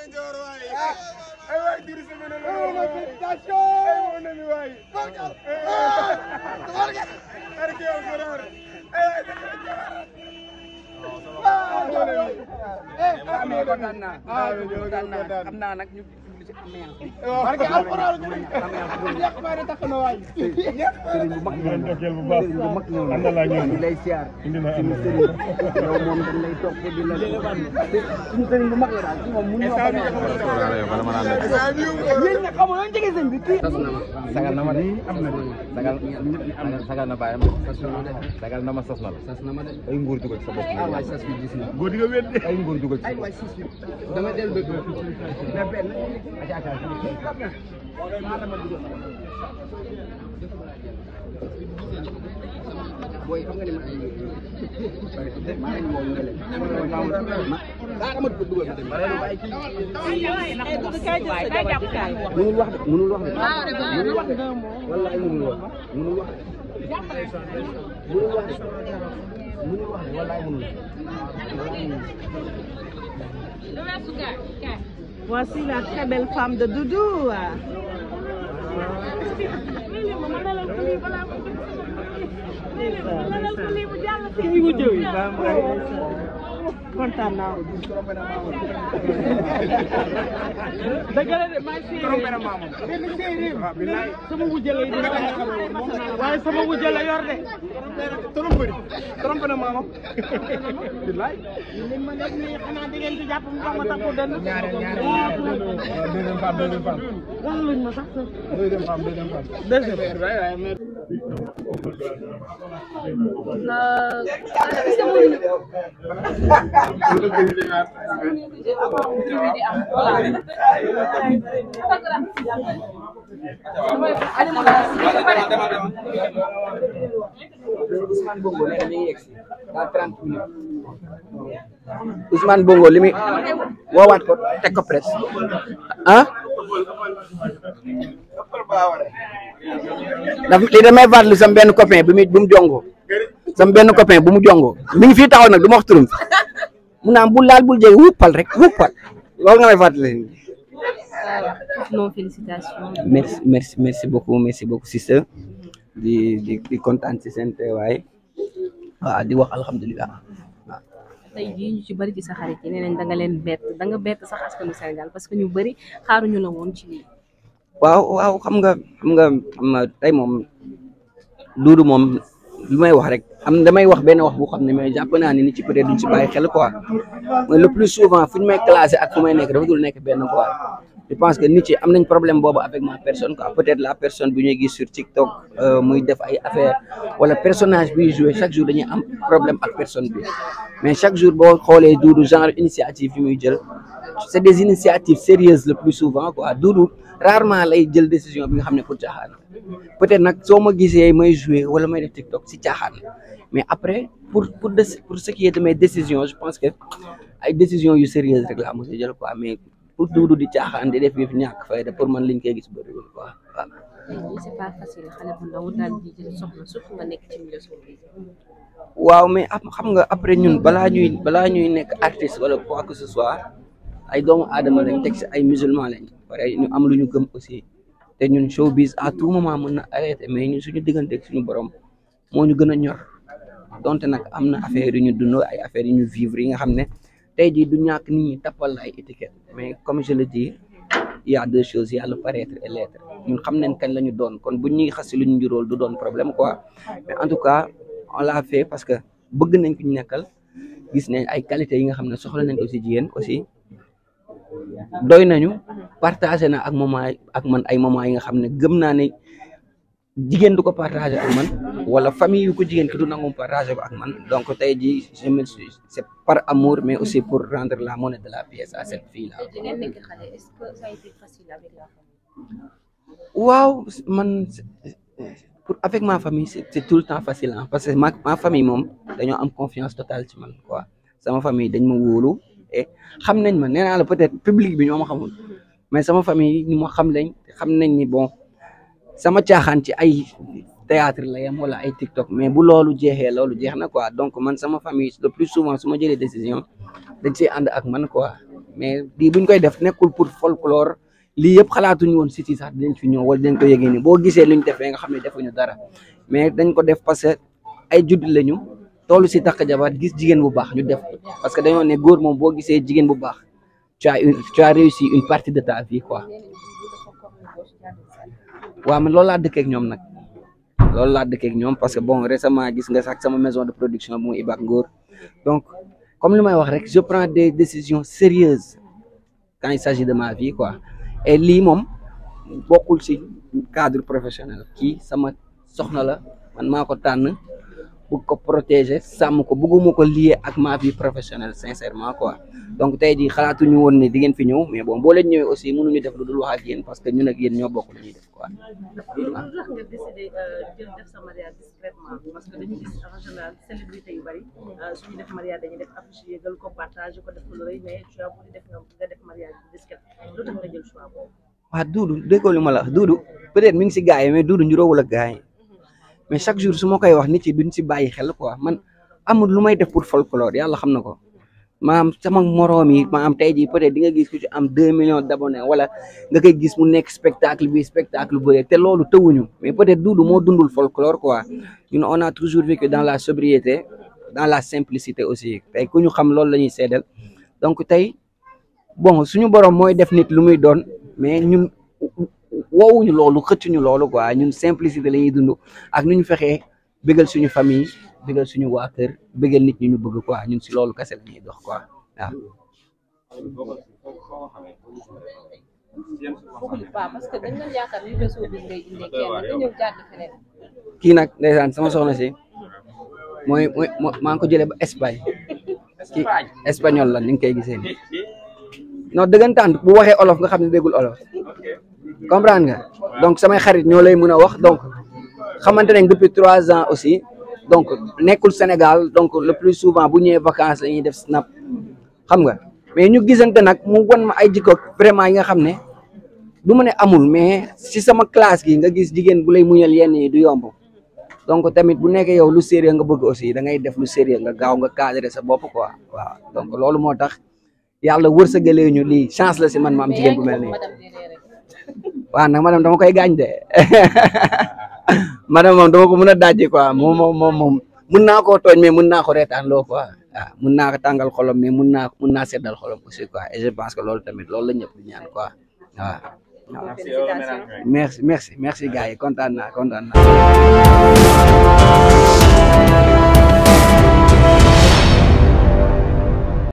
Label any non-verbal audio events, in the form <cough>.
ne Ndior waay. ay waay Idrissa Gana la waay. ma félicitation. ay mon ami waay. Barkal Barkal. barke yow Goror. ay waay dama la jëlaat. waaw. ah mais kontaan naa. ah mais kontaan naa xam naa nag ñu. ci ambiance bi. barke alxuraan sëriñ bu mag ñëw na ñu lay siyaar suñu sëriñ yow moom dañ lay topp di la suñu sëriñ bu mag la daal moom mu ñëw ba ñëw. yéen nag xamul lan jege sëñ bi kii. sagal na ma de sagal sagal na bàyyi ma sagal na ma sas na la. sas na ma de ay nguur dugal sa bopp. ay sas bi gis na. góor di nga wéet de ay nguur dugal sa bopp. dama dellu bëgg. boy xam nga ne ma ay ma ay moom nga leen ma daa amat ko dugal dem mënul wax de mënul wax de mënul wax de wallaay mënul wax mënul wax de mënul wax de mënul wax de wallaay mënul Voici la très belle femme de Doudou. kontaan naa ko. dëgg la de maa séeréer. sama wujje la waaye sama wujje la yor de. trompé trompé na maamam. bilaay. li ma def nii xanaa di ngeen di jàpp mu jox ma sax ko dënd. ñaareel ñaareel ñaareel deuxième femme deuxième femme. wala luñ ma sax. deuxième femme deuxième femme. Ousmane Bongo nee na mi ko teg ko daf lii damay fàttali sam benn copain bu muy mu jongoo sam benn copain bu mu jongoo mi fi fii taxaw nag du ma wax turam mu naan bul laal bul jege wuppal rek wuppal loolu nga may fàttali. non félicitations. merci merci merci beaucoup merci beaucoup sister di di di kontaan si seen teewaay waaw di wax alhamdulilah. tey jii ñu ci bëri ci sa xarit yi nee nañ da nga leen bett da nga bett sax askanu Sénégal parce que ñu bëri ñu na woon ci lii. waaw waaw xam nga xam nga xam nga tey moom duudu moom lu may wax rek am damay wax benn wax bu xam ne mais jàpp naa ne ni ci peut être duñ ci bàyyi xel quoi mais plus souvent fu may classé ak fu may nekk dafa dul nekk benn quoi. je pense que nit yi am nañ problème boobu avec ma personne quoi peut-être la personne bi ñuy gis sur TikTok euh, muy def ay affaire wala personnage bi joué chaque jour dañuy am problème ak personne bi mais chaque jour boo xoolee Doudou genre initiative bi muy jël c'est des initiatives sérieuses le plus souvent quoi Doudou rarement lay jël décision bi nga xam ne pour caaxaan peut-être nag soo ma gisee mais joué wala may def TikTok si caaxaan mais après pour pour pour ce qui est de mes décisions je que yu sérieuses rek laa mos a jël pour duudu di caaxaan di def man liñ koy gis bëriwul quoi waaw. c'est waaw mais xam nga après ñun balaa ñuy balaa ñuy nekk artiste wala quoi que ce soit ay doomu adama lañ teg si ay musulman lañ pare ñu am lu ñu gëm aussi te ñun bis à tout moment mën na arrêté mais suñu diggante ak suñu borom moo ñu gën a ñor donte nag am na affaire yu ñu dund ay affaire yu ñu vivre yi nga xam ne. tey jii du ñàkk nit ñi tappal ay mais comme je le dis il y a deux choses il y a le et l'être ñun xam nañ kañ la ñu doon kon bu ñuy xasi lu ñu njuróol du doon problème quoi mais en tout cas l'a fait parce que bëgg nañ ko ñu nekkal gis nañ ay qualité yi nga xam ne soxla nañ ko ci jigéen aussi doy nañu partagé na ak moment ay moment yi nga xam ne gëm naa ne jigéen du ko partagé ak man wala famille yu ko jigéen ki du nangu partagé ko ak man donc tey jii je me suis c'est par amour mais aussi pour rendre la monnaie de la pièce à cette fille là. waaw man pour avec ma famille c'est tout le temps facile ah parce que ma ma famille moom dañoo am confiance totale ci man quoi sama famille dañ ma wóolu et xam nañ ma nee naa la peut-être public bi ñoo ma xamul mais sama famille ñi ma xam lañ xam nañ ni bon. sama caaxaan ci ay théâtre la yam wala ay TikTok mais bu loolu jeexee loolu jeex na quoi donc man sama famille le plus souvent su ma jëlee décision dañ siy ànd ak man quoi mais di buñ koy def nekkul pour folklore lii yëpp xalaatuñu woon si sax dinañ fi ñëw wala dinañ ko yëgee boo gisee luñ defee nga xam ne defuñu dara mais dañ ko def parce que ay judd lañu toolu si takk jabar gis jigéen bu baax ñu def parce que dañoo ne góor moom boo gisee jigéen bu baax tu as tu as réussi de ta vie quoi. waaw man loolu laa dëkkeek ñoom nag loolu laa dëkkeek ñoom parce que bon récemment gis nga sax sama maison de production mu Ibac Ngor donc comme li may wax rek je prends des décisions sérieuses quand il s'agit de ma vie quoi et lii moom bokkul ci cadre professionnel kii sama soxna la man maa ko tànn bëgg ko protéger sàmm ko bëgguma ko lié ak ma vie professionnelle sincèrement quoi donc tey jii xalaatuñu woon ne di ngeen fi ñëw mais boo leen ñëwee aussi mënuñu def lu dul wax ak yéen parce que ñun ak yéen ñoo bokk lu ñuy def quoi. Euh, parce que dañuy gis en général célébrité yu bari euh, suñu def mariage dañuy def affiche yëgal ko partage ko discret lu tax nga jël choix boobu. waaw Doudou déggoo li ma peut-être mi ngi si gaa yi mais Doudou njuróowul ak gaa yi mais chaque jour su ma koy wax nit yi duñ si bàyyi xel quoi man amul lu may def pour folklore yàlla xam na ko maanaam sama moroom yi maanaam tey jii peut-être di nga gis ku ci am deux millions d'abonnés wala nga koy gis mu nekk spectacle bi spectacle bëre te loolu tëwuñu mais peut-être duudu moo dundul folklore quoi ñun on a toujours vécu dans la sobriété dans la simplicité aussi tey ku ñu xam loolu la ñuy seedal donc tey bon suñu borom mooy def nit lu muy doon woowuñu loolu xëccuñu loolu quoi ñun simplicité la dund ak nu ñu fexee bëggal suñu famille bëggal suñu waa kër nit ñi ñu bëgg quoi ñun si loolu kese la ñuy dox quoi waaw. kii nag sama soxna si mooy mooy maa ngi ko jële ba Espagne la ni nga koy gisee nii non dëggantaan bu waxee olof nga xam ne déggul olof comprendre nga donc samay xarit ñoo lay mën a wax donc xamante nañ depuis trois ans aussi donc nekkul Sénégal donc le plus souvent bu ñëwee vacances la ñuy def snap xam nga mais ñu gisante nag mu wan ma ay jikko vraiment yi nga xam ne du ma ne amul mais si sama classe gi nga gis jigéen bu lay muñal yenn yi du yomb donc tamit bu nekkee yow lu sérieux nga bëgg aussi da ngay def lu sérieux nga gaaw nga cadré sa bopp quoi waaw donc loolu moo tax yàlla wërsëgalee ñu lii chance la si man ma am jigéen bu mel nii waaw nag madame dama koy gaañ de <laughs> madame moom dama ko mën a dajji quoi moom moom moom mun naa koo tooñ mais mun naa ko reetaan loo quoi waaw mun naa ko tàngal xolam mais mun naa mun naa seddal xolam aussi quoi et je pense que loolu tamit loolu la ñëpp ñaan ko waaw. merci merci merci gars yi kontaan naa kontaan